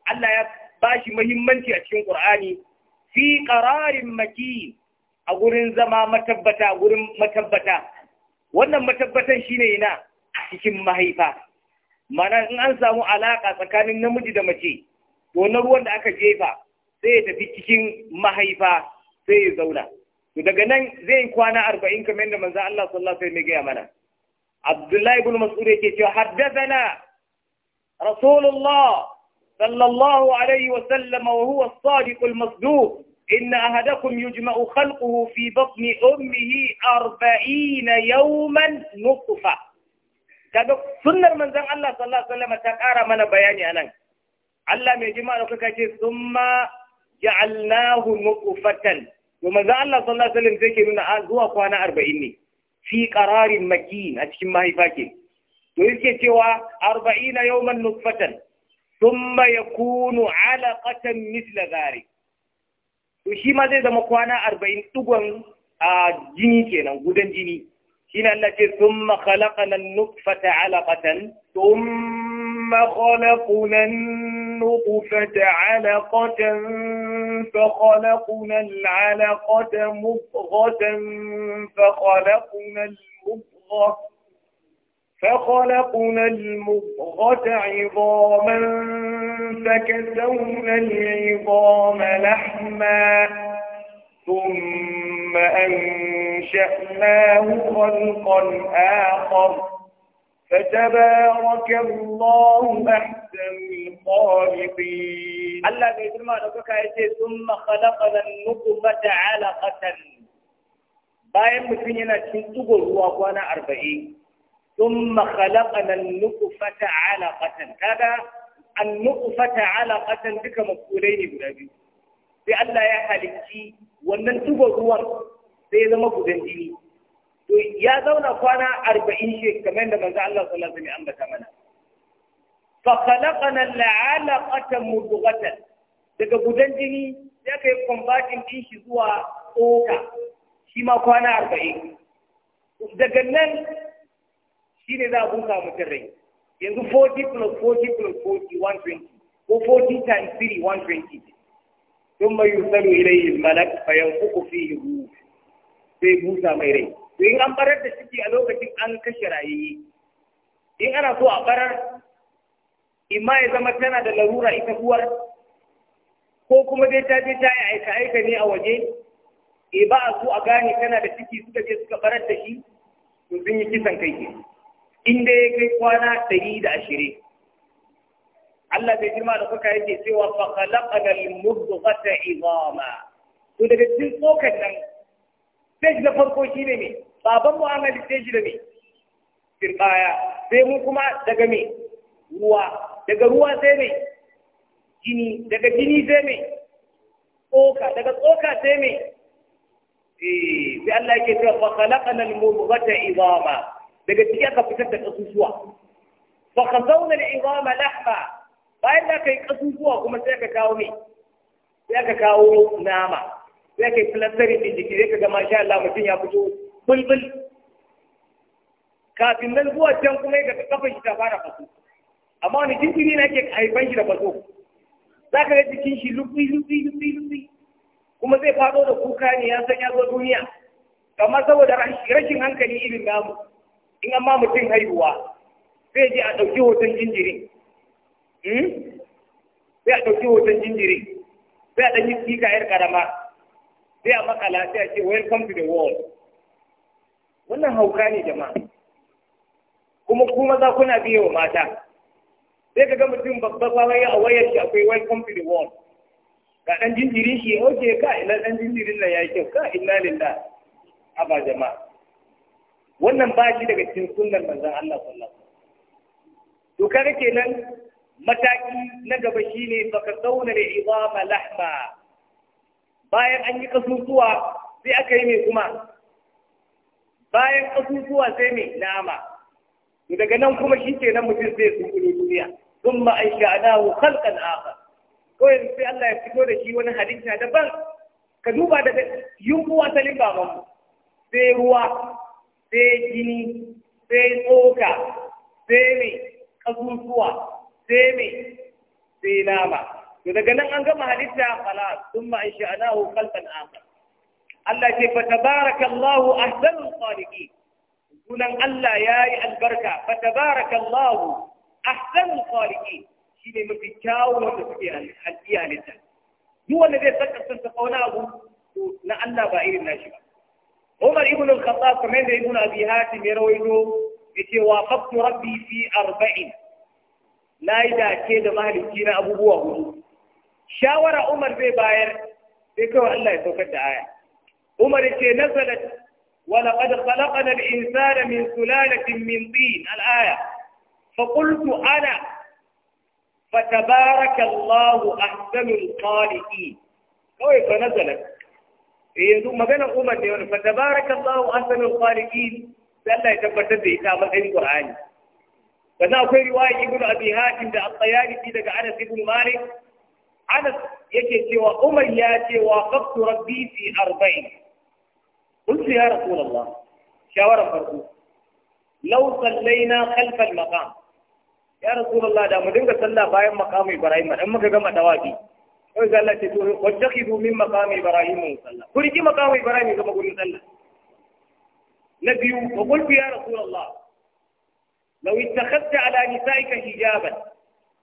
Allah ya bashi muhimmanci a cikin Qur'ani fi qararin makin a gurin zama matabbata gurin matabbata wannan matabbatan shine ina cikin mahaifa mana in an samu alaka tsakanin namiji da mace to na ruwan da aka jefa sai ya tafi cikin mahaifa sai ya zauna to daga nan zai kwana arba'in kamar yadda manzo Allah sallallahu alaihi wasallam ya gaya mana عبد الله بن مسعود حدثنا رسول الله صلى الله عليه وسلم وهو الصادق المصدوق إن أهدكم يجمع خلقه في بطن أمه أربعين يوما نطفة كذلك سنة من ذنب الله صلى الله عليه وسلم تقار من بياني أنا علم يجمع لك ثم جعلناه نطفة ومن ذنب الله صلى الله عليه وسلم ذكرنا هو قوانا أربعيني fi qararin makin a cikin mahaifa ke to yake cewa 40 sun nutfatan thumma yakunu alaqatan misla dhalik to shi ma zai zama kwana arba'in ɗigon a jini kenan gudan jini shine Allah ce thumma khalaqana an-nutfata alaqatan thumma ثم خلقنا النطفة علقة فخلقنا العلقة مضغة فخلقنا المضغة فخلقنا المضغة عظاما فكسونا العظام لحما ثم أنشأناه خلقا آخر فتبارك الله أحسن الخالقين الله بيتر ما نقولك ثم خلقنا النطفة علقة bayan mutum yana cikin tsugo ruwa kwana arba'in sun makhalaqana nufata alaqatan kaga an nufata alaqatan duka makulai ne guda biyu sai Allah ya halicci wannan tsugo ruwan sai zama gudan to ya zauna kwana arba'in shi kamar da manzo Allah sallallahu alaihi wasallam ya ambata mana fa khalaqana al'alaqata mudghatan daga gudan jini ya kai kombatin din shi zuwa tsoka shi ma kwana arba'in daga nan shi ne za a buka mutum rai yanzu 40 plus 40 plus 40 120 ko 40 times 3 120 ثم يرسل إليه الملك فينفخ فيه الروح sai busa mai rai in an barar da ciki a lokacin an kashe rayayi in ana so a barar imma ya zama tana da larura ita uwar ko kuma dai ta je ta yi aika aika ne a waje e ba a so a gane tana da ciki suka je suka barar da shi to sun yi kisan kai ke Inda ya kai kwana ɗari da ashirin Allah bai girma da kuka yake cewa fa khalaqa al-mudghata idama to daga cikin tsokan nan stage na farko shi ne me baban mu an halitta shi da me firkaya sai mu kuma daga me ruwa daga ruwa sai me jini daga jini sai me tsoka daga tsoka sai me eh, sai Allah yake cewa fa khalaqana al-mudghata idama daga ciki aka fitar da kasusuwa fa khazawna al-idama lahma bayan da kai kasusuwa kuma sai ka kawo me sai ka kawo nama sai kai filastari ne jiki sai ka gama shi Allah mutum ya fito bulbul kafin nan zuwa can kuma ya ga kafan shi ta fara faso amma wani jinkiri na ke haifan shi da faso za ka ga jikin shi lufi lufi lufi lufi kuma zai faɗo da kuka ne ya san ya zo duniya kamar saboda rashin hankali irin namu in amma mutum haihuwa zai je a ɗauki hoton jinjirin sai hmm? a ɗauki hoton jinjirin sai a ɗan yi sika yar ƙarama sai a makala sai a ce welcome to the world wannan hauka ne jama'a kuma kuma za kuna biye wa mata sai ka ga mutum babba bawai a wayar shi akwai welcome to the world ga ɗan jinjiri shi oke ka ina ɗan jinjirin nan ya kyau ka lilla a ba jama'a wannan ba shi daga cikin sunan manzan Allah sallallahu alaihi wasallam to nan kenan mataki na gaba shine baka zauna da idama lahma bayan an yi kasusuwa sai aka yi mai kuma bayan kasusuwa sai mai nama daga nan kuma shi ke nan mutum zai kuri duniya sun ma an sha'anahu khalqan akhar kawai sai Allah ya fito da shi wani halitta daban ka duba daga yunkuwa asalin mu. sai ruwa sai jini sai tsoka sai mai kasusuwa sai mai sai nama to daga nan an gama halitta khalas thumma ansha'nahu khalqan akhar Allah ce fa Allahu! ahsanul khaliqin sunan Allah yayi albarka fa Allahu! ahsanul khaliqin shine mafi kyawun wanda suke halitta duk wanda zai saka sun ta kauna abu na Allah ba irin nashi ba Umar ibn al-Khattab kamar da ibn Abi Hatim ya rawaito yace waqaftu rabbi fi arba'in na yi dace da mahalicci na abubuwa hudu shawara Umar zai bayar sai kawai Allah ya saukar da aya Umar ce nazalat wa laqad khalaqna al-insana min sulalatin fa ana فتبارك الله أحسن الخالقين kawai fa nazalat eh yanzu magana Umar ne wani fa tabarakallahu ahsanul khaliqin sai Allah ya tabbatar da ita a matsayin Qur'ani sannan akwai riwaya Ibn Abi Hatim da al daga Anas ibn Malik Anas yake cewa Umar ya ce wa qaftu rabbi fi arba'in قلت يا رسول الله شاورا فرقو لو صلينا خلف المقام يا رسول الله da mu dinga sallah bayan maqam Ibrahim dan muka gama tawafi sai ga Allah ce to wattakhidhu min maqam Ibrahim sallah ku riki maqam Ibrahim ga magurin sallah na biyu wa qul ya rasul Allah law ittakhadta ala nisa'ika hijaban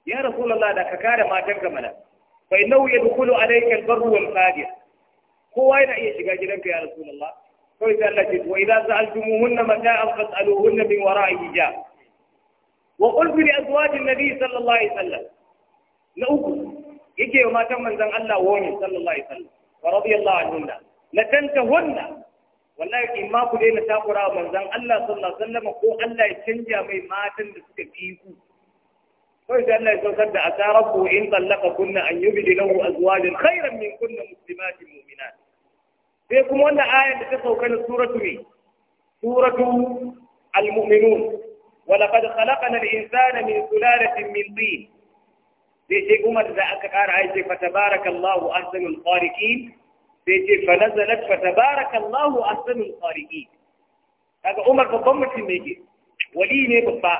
ya rasul Allah da ka kare matanka mana fa innahu yadkhulu alayka a barru wal fajir kowa yana iya shiga gidan gidanka ya rasu rasulullah kawai ta sai Allah ce wa idza sa'altumuhunna mata'an fas'aluhunna min wara'i hijab wa qul li azwajin nabi sallallahu alaihi sallam. na uku yake wa matan manzan, Allah wani sallallahu alaihi sallam. wa radiyallahu anhunna la tantahunna wallahi in ma ku daina takura manzon Allah sallallahu alaihi wasallam ko Allah ya canja mai matan da suka fi ku kawai sai Allah ya saukar da asa rabbu in tallaka kunna an yubdi lahu azwajan khairan min kunna muslimatin mu'minat sai kuma wannan ayar da ta sauka na suratu ne suratu al-mu'minun ولقد خلقنا الإنسان من سلالة من طين sai ce umar da aka ƙara aiki fa tabarakallahu ahsanul qariqin sai ce fa nazalat fa tabarakallahu ahsanul qariqin kaga umar babban mutum ne ke wali ne babba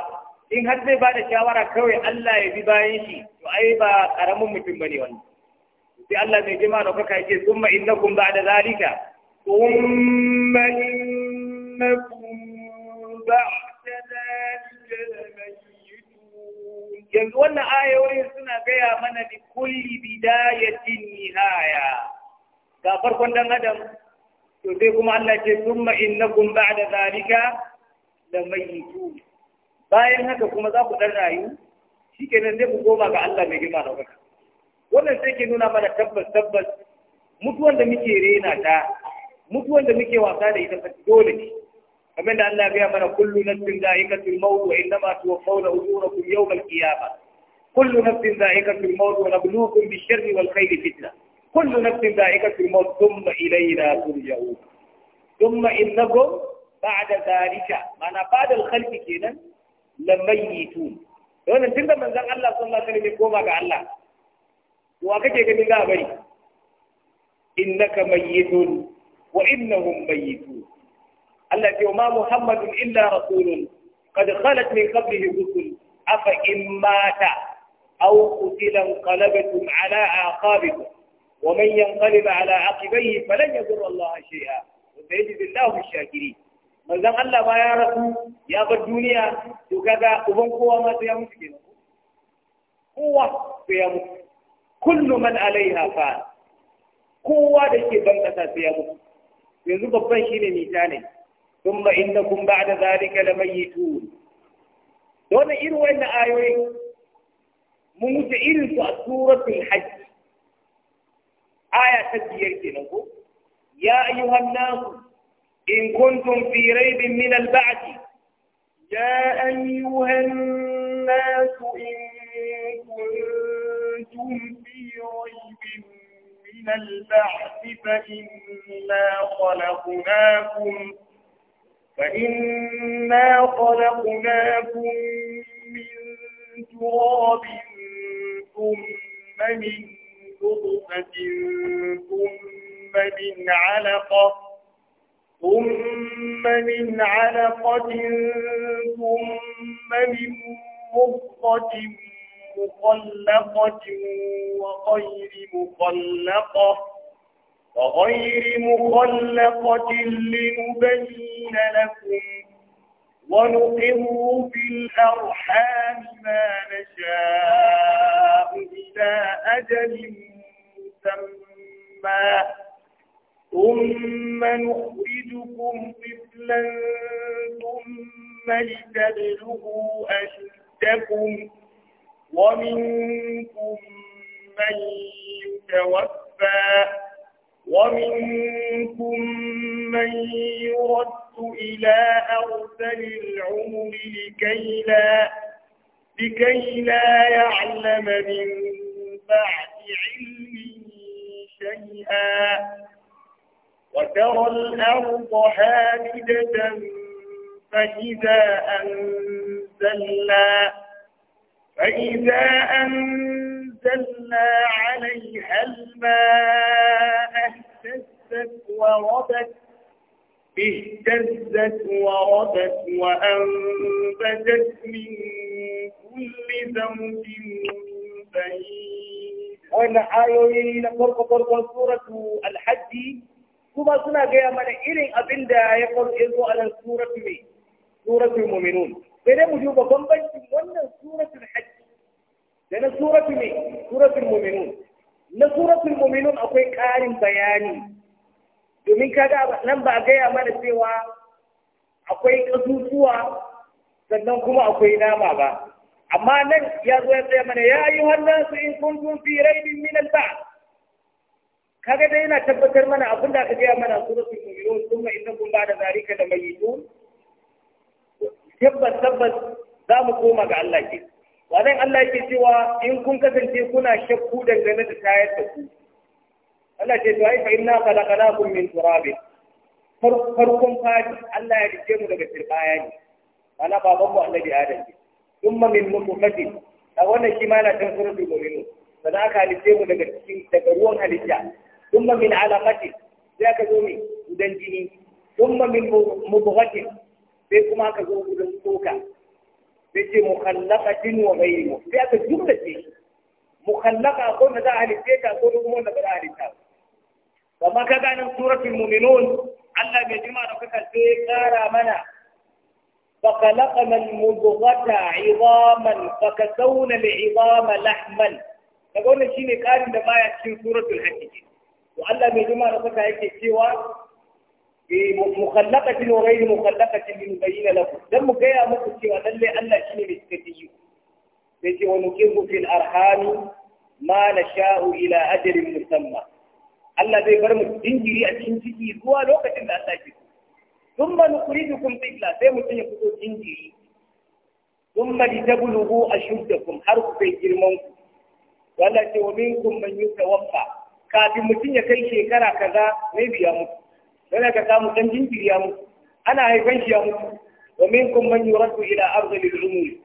in har zai bada shawara kawai Allah ya bi bayan shi to ai ba karamin mutum bane wannan sai Allah mai jima da kuka yake summa innakum ba'da zalika summa innakum ba'da zalika lamayitun yanzu wannan ayoyin suna gaya mana bi kulli bidayatin nihaya ga farkon dan adam to sai kuma Allah ya ce summa innakum ba'da zalika lamayitun bayan haka kuma za ku ɗan rayu shi nan zai ku goma ga Allah mai girma da kuka wannan sai ke nuna mana tabbas tabbas mutuwan da muke rena ta mutuwan da muke wasa da ita dole ne kamar da Allah ya gaya mana kullu nafsin za'iqatul maut wa innama tuwaffawna ujurakum yawmal qiyamah kullu nafsin za'iqatul maut wa nabluukum bish-sharri wal da fitnah kullu nafsin za'iqatul maut thumma ilayna turja'un thumma innakum ba'da dhalika mana ba'da al-khalqi kenan lamayitun wannan tunda manzon Allah sallallahu alaihi wasallam koma ga Allah to wa kake ganin za a bari innaka mayitun wa innahum mayyitun Allah ya ma Muhammadun illa rasulun qad khalat min qablihi rusul afa in mata أو قتل انقلبتم على أعقابكم ومن ينقلب على عقبيه فلن يضر الله شيئا وسيجزي الله الشاكرين manzon Allah ba ya rasu ya bar duniya to kaga uban kowa ma sai ya mutu kenan kowa sai ya mutu kullu man alaiha fa kowa da ke ban kasa sai ya mutu yanzu babban shine mita ne thumma innakum ba'da zalika lamayitun wannan irin wannan ayoyi mun wuce irin su a suratul hajj aya ta biyar kenan ko ya ayyuhan nasu إن كنتم في ريب من البعث يا أيها الناس إن كنتم في ريب من البعث فإنا خلقناكم فإنا خلقناكم من تراب ثم من نطفة ثم من علقة ثم من علقة ثم من مضغة مخلقة وغير مخلقة وغير مخلقة لنبين لكم ونقر في الأرحام ما نشاء إلى أجل مسمى ثم نخرجكم طفلا ثم لتبلغوا أشدكم ومنكم من يتوفى ومنكم من يرد إلى أرسل العمر لكي لا, لكي لا يعلم من بعد علم شيئا وترى الأرض هامدة فإذا أنزلنا فإذا أنزلنا عليها الماء اهتزت وربت اهتزت وربت وأنبتت من كل زوج بعيد. وإن آيوين قرب قرب سورة الحج su ba suna gaya mana irin abin da ya faru ya zo a nan suratul mai mu'minun sai dai mu duba bambancin wannan suratul hajj da na suratul mai suratul mu'minun na suratul mu'minun akwai ƙarin bayani domin kaga nan ba a gaya mana cewa akwai ƙasusuwa sannan kuma akwai nama ba amma nan ya zo ya tsaye mana ya yi wannan su in kuntum fi raibin minan ba. bad kaga dai yana tabbatar mana abin da aka gaya mana suratul mu'minun kuma innakum ba'da zalika da mayyitun tabbas tabbas za mu koma ga Allah ke wannan Allah yake cewa in kun kasance kuna shakku dangane da tayar da ku Allah ce to ai fa inna khalaqnakum min turab farkon fadi Allah ya rike mu daga turbaya ne ana baban mu annabi Adam ke kuma min mutafati a wannan shi ma na tan suratul mu'minun sannan aka mu daga cikin daga ruwan halitta ثم من علقة ذاك زومي ودن جني ثم من مضغة بكما كزوم ودن توكا بيجي مخلقة وغير مخلقة جملة مخلقة أقول ذا أهل السيتة أقول أمون ذا أهل السيتة وما كان سورة المؤمنون Allah mai jima da kuka sai ya kara mana فخلقنا المضغة عظاما فكسونا العظام لحما نقول شيء قال ده ما يكفي سورة الحج to Allah mai zuma da saka yake cewa bi mukhallaqatin wa ghayri mukhallaqatin min bayyana lakum dan mu gaya muku cewa lalle Allah shine mai cikakken sai ce wani nuqiru fil arhami ma nasha'u ila ajalin musamma Allah zai bar mu jinjiri a cikin ciki zuwa lokacin da Allah ke ثم نخرجكم طفلا sai mu ya fito jinjiri ثم لتبلغوا أشدكم حرف في ce wa ومنكم من يتوفى kafin mutum ya kai shekara kaza maybe ya mutu yana ka samu dan jinjiri ya mutu ana haifan shi ya mutu wa minkum man yuraddu ila arzalil umur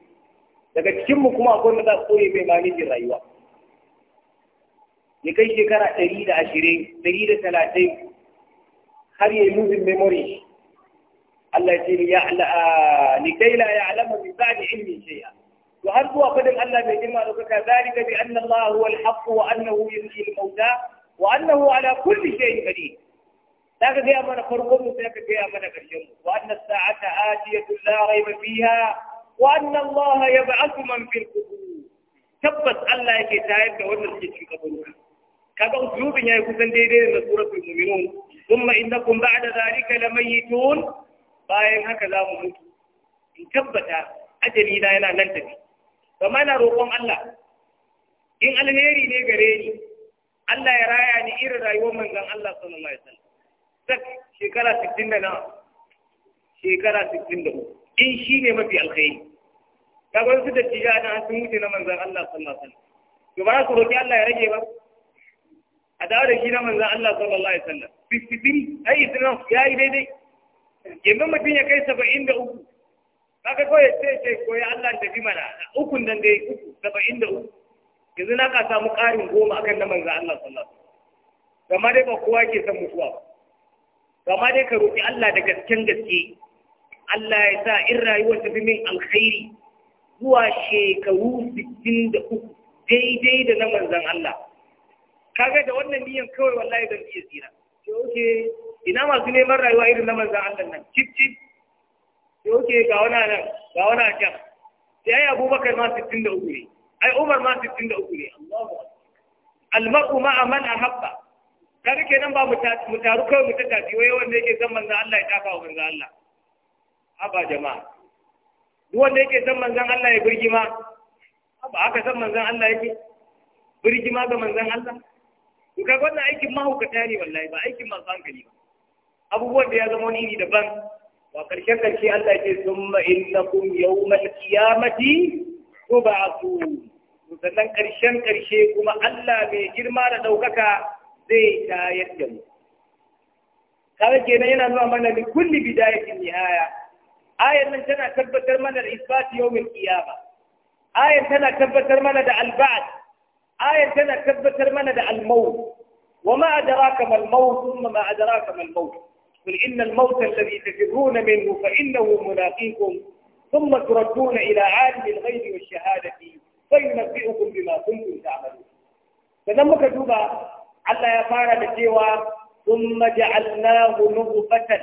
daga cikin mu kuma akwai wanda za su mai manajin rayuwa ya kai shekara ɗari da ashirin ɗari da talatin har ya yi losing memory Allah ce ya likai la ya'lamu bi ba'di ilmin shay'a to har zuwa fadin Allah mai girma da kuka zalika bi anna Allah huwa al-haqq wa annahu yuhyi al-mauta wa annahu ala kulli shay'in qadir zaka ga mana farkon mu sai ka ga mana karshen mu wa anna sa'ata atiyatun la rayba fiha wa anna Allah yab'athu man fil qubur tabbas Allah yake tayar da wanda suke cikin kaburuka kaga usulubin yayi kusan daidai da suratul mu'minun thumma bayan haka za mu mutu in tabbata ajali na yana nan tafi kamar na roƙon Allah in alheri ne gare ni Allah ya raya ni irin rayuwar manzan Allah sallallahu alaihi wasallam sak shekara 60 da nawa shekara 63 in shine mafi alkhairi kaga su da tijana sun mutu na manzan Allah sallallahu alaihi wasallam to ba su roki Allah ya rage ba a dawo da shi na manzan Allah sallallahu Alaihi wasallam. 53 ai islam ya yi daidai. Yanzu mutum ya kai saba'in da uku. Kaka ko ya ce ce ko ya Allah tafi mana ukun dan dai uku saba'in da uku. yanzu na ka samu ƙarin goma akan na manzo Allah sallallahu alaihi gama dai ba kowa ke son mutuwa ba gama dai ka roƙi Allah da gasken gaske Allah ya sa in rayuwar ta fi min alkhairi zuwa shekaru 63 daidai da na manzan Allah kaga da wannan niyan kawai wallahi zan iya tsira ke oke ina masu neman rayuwa irin na manzan Allah nan cip cip ke oke ga wani nan ga wani a can sai ai abubakar ma 63 ne ai Umar ma 63 ne Allahu almar'u ma'a man ahabba kar kenan ba mu mu taru kawai mu ta tafi waye wanda yake zan manzon Allah ya tafa wa manzon Allah haba jama'a duk wanda yake zan manzon Allah ya birgi ma haba haka zan manzon Allah yake birgi ma ga manzon Allah to kaga wannan aikin mahaukata ne wallahi ba aikin masu hankali ba abubuwan da ya zama wani iri daban wa karshen karshe Allah ya ce summa innakum yawmal qiyamati tub'atun sannan ƙarshen ƙarshe kuma Allah mai girma da ɗaukaka zai tayar da mu. Kaga kenan yana zuwa mana min kulli bidayatin nihaya. Ayar nan tana tabbatar mana da isbati yawmin qiyama. Ayar tana tabbatar mana da alba'd. Ayar tana tabbatar mana da al-maut. Wa ma adraka mal maut thumma ma adraka mal maut. Qul inna al-mauta alladhi tafirruna minhu fa innahu mulaqikum ثم تردون إلى عالم الغيب والشهادة فينبئكم بما كنتم تعملون sannan muka duba Allah ya fara da cewa sun maja'alnahu nubufatan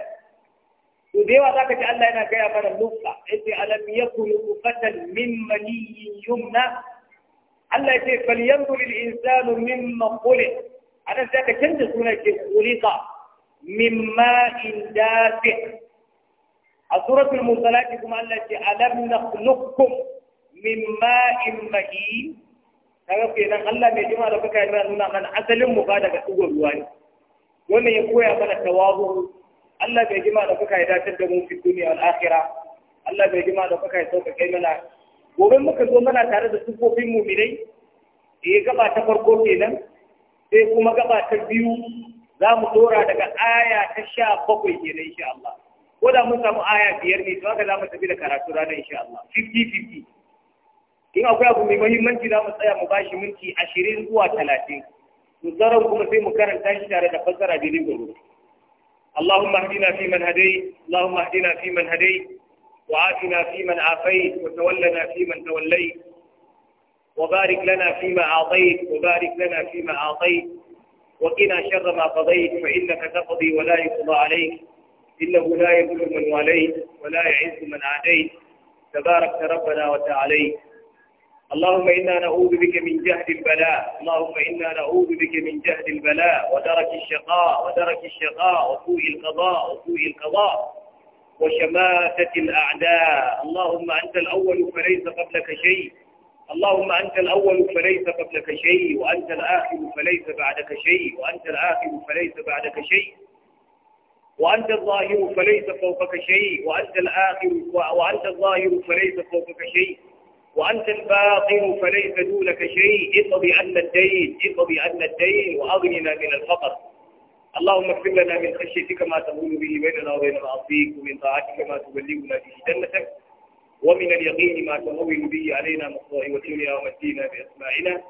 to da yawa zaka ji Allah yana gaya mana nufa yace alam yakun nubufatan min maniyyin yumna Allah yace fal yanzur al insanu mimma khuliq canza sunan ke khuliqa in a suratul mursalati kuma Allah ce alam nakhluqukum min ma'in mahin kaga kenan Allah mai jima da kuka yi nuna mana asalin mu ba daga tsugon ruwa ne wannan ya koya mana tawazu Allah bai jima da kuka yi datar da mu fi duniya wal Allah bai jima da kuka yi sauka kai mana gobe muka zo mana tare da sufofin mu'minai eh gaba ta farko kenan sai kuma gaba ta biyu za mu dora daga aya ta sha bakwai kenan insha Allah ko da mun samu aya biyar ne to haka za mu tafi da karatu ranar insha Allah 50-50 in akwai abu mai muhimmanci za mu tsaya mu bashi minti ashirin zuwa talatin to zaran kuma sai mu karanta shi tare da fassara da limin اللهم اهدنا فيمن هديت اللهم اهدنا فيمن هديت وعافنا فيمن عافيت وتولنا فيمن توليت وبارك لنا فيما أعطيت وبارك لنا فيما أعطيت وقنا شر ما قضيت فإنك تقضي ولا يقضى عليك إنه لا يذل من واليت ولا يعز من عاديت تبارك ربنا وتعاليت اللهم إنا نعوذ بك من جهد البلاء اللهم إنا نعوذ بك من جهد البلاء ودرك الشقاء ودرك الشقاء وسوء القضاء وسوء القضاء وشماتة الأعداء اللهم أنت الأول فليس قبلك شيء اللهم أنت الأول فليس قبلك شيء وأنت الآخر فليس بعدك شيء وأنت الآخر فليس بعدك شيء وأنت الظاهر فليس فوقك شيء وأنت الآخر وأنت الظاهر فليس فوقك شيء وأنت الباطن فليس دونك شيء اقضي عنا الدين اقضي عنا الدين وأغننا من الفقر اللهم اغفر لنا من خشيتك ما تقول به بيننا وبين معصيك ومن طاعتك ما تبلغنا به جنتك ومن اليقين ما تهون به علينا مصائب الدنيا ومتينا بأسماعنا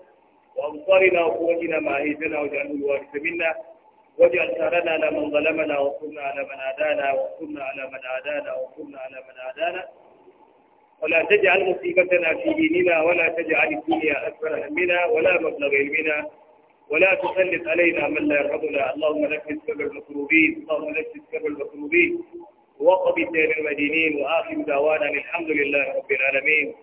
وأبصارنا وقوتنا ما أهيتنا واجعله الوارث منا واجعل ثارنا على من ظلمنا وانصرنا على من عادانا وانصرنا على من عادانا وانصرنا على من عادانا ولا تجعل مصيبتنا في ديننا ولا تجعل الدنيا أكبر همنا ولا مبلغ علمنا ولا تسلط علينا من لا يرحمنا اللهم نفس كبر المكروبين اللهم نفس كبر المكروبين وقضي سير المدينين وآخر دعوانا الحمد لله رب العالمين